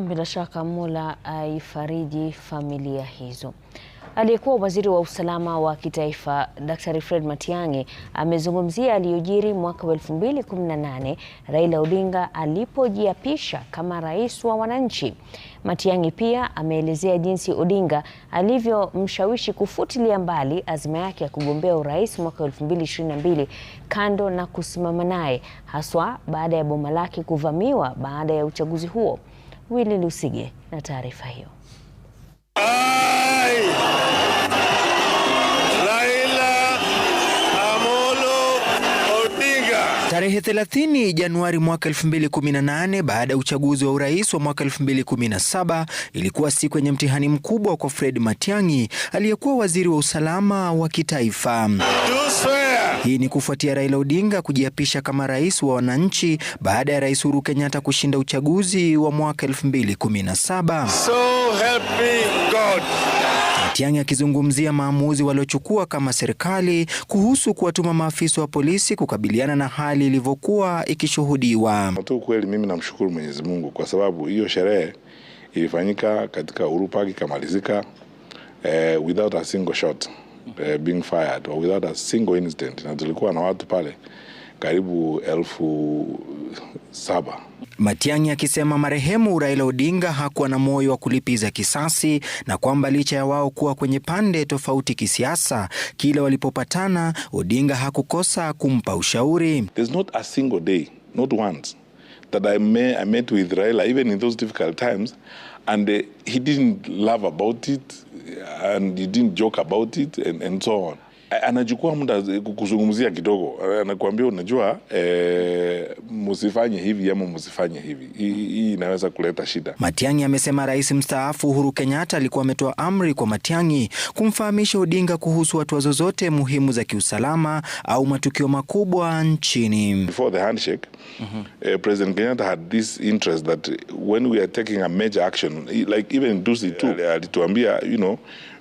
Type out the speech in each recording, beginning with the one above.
Bila shaka Mola aifariji familia hizo. Aliyekuwa waziri wa usalama wa kitaifa Daktari Fred Matiang'i amezungumzia aliyojiri mwaka wa 2018 Raila Odinga alipojiapisha kama rais wa wananchi. Matiang'i pia ameelezea jinsi Odinga alivyomshawishi kufutilia mbali azma yake ya kugombea urais mwaka 2022 kando na kusimama naye, haswa baada ya boma lake kuvamiwa baada ya uchaguzi huo. Willy Lusige na taarifa hiyo. Tarehe 30 Januari mwaka 2018 baada ya uchaguzi wa urais wa mwaka 2017 ilikuwa siku yenye mtihani mkubwa kwa Fred Matiang'i aliyekuwa waziri wa usalama wa kitaifa. Hii ni kufuatia Raila Odinga kujiapisha kama rais wa wananchi baada ya Rais Uhuru Kenyatta kushinda uchaguzi wa mwaka 2017. So help me God. Matiang'i akizungumzia maamuzi waliochukua kama serikali kuhusu kuwatuma maafisa wa polisi kukabiliana na hali ilivyokuwa ikishuhudiwa. Tu kweli, mimi namshukuru Mwenyezi Mungu kwa sababu hiyo sherehe ilifanyika katika Uhuru Park ikamalizika, eh, without a single shot uh, being fired or without a single incident, na tulikuwa na watu pale karibu elfu saba. Matiang'i akisema marehemu Raila Odinga hakuwa na moyo wa kulipiza kisasi na kwamba licha ya wao kuwa kwenye pande tofauti kisiasa, kila walipopatana Odinga hakukosa kumpa ushauri and he didn't joke about it and, and so on anachukua muda eh, kuzungumzia kidogo, eh, anakuambia unajua, e, msifanye hivi ama msifanye hivi, hii inaweza kuleta shida. Matiang'i amesema rais mstaafu Uhuru Kenyatta alikuwa ametoa amri kwa Matiang'i kumfahamisha Odinga kuhusu hatua zozote muhimu za kiusalama au matukio makubwa nchini. Before the handshake, mm -hmm. uh, President Kenyatta had this interest that when we are taking a major action like even Dusi tu alituambia you know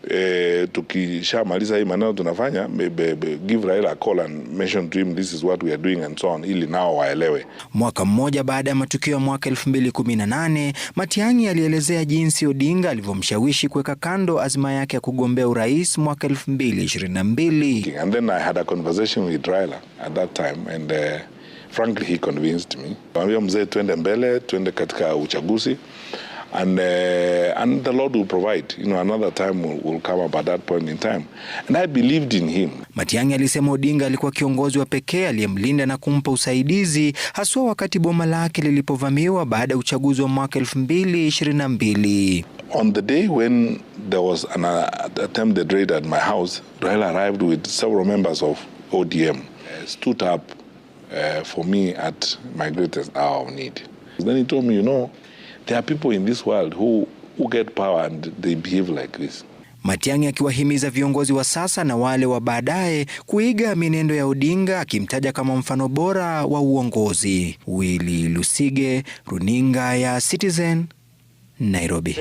eh, tukishamaliza hii maneno tunafanya be, be, be, give Raila a call and mention to him this is what we are doing and so on, ili nao waelewe. Mwaka mmoja baada ya matukio ya mwaka 2018 Matiang'i alielezea jinsi Odinga alivyomshawishi kuweka kando azima yake ya kugombea urais mwaka 2022. And then I had a conversation with Raila at that time and uh, frankly he convinced me. Mwambia mzee, twende mbele, twende katika uchaguzi and uh, and the Lord will provide. You know, another time will, will come up at that point in time. And I believed in him. Matiang'i alisema Odinga alikuwa kiongozi wa pekee aliyemlinda na kumpa usaidizi haswa wakati boma lake lilipovamiwa baada ya uchaguzi wa mwaka 2022. On the day when there was an uh, attempted raid at my house, Raila arrived with several members of ODM, uh, stood up uh, for me at my greatest hour of need. Then he told me, you know, There are people in this world who, who get power and they behave like this. Matiang'i akiwahimiza viongozi wa sasa na wale wa baadaye kuiga mienendo ya Odinga akimtaja kama mfano bora wa uongozi. Willy Lusige, Runinga ya Citizen, Nairobi.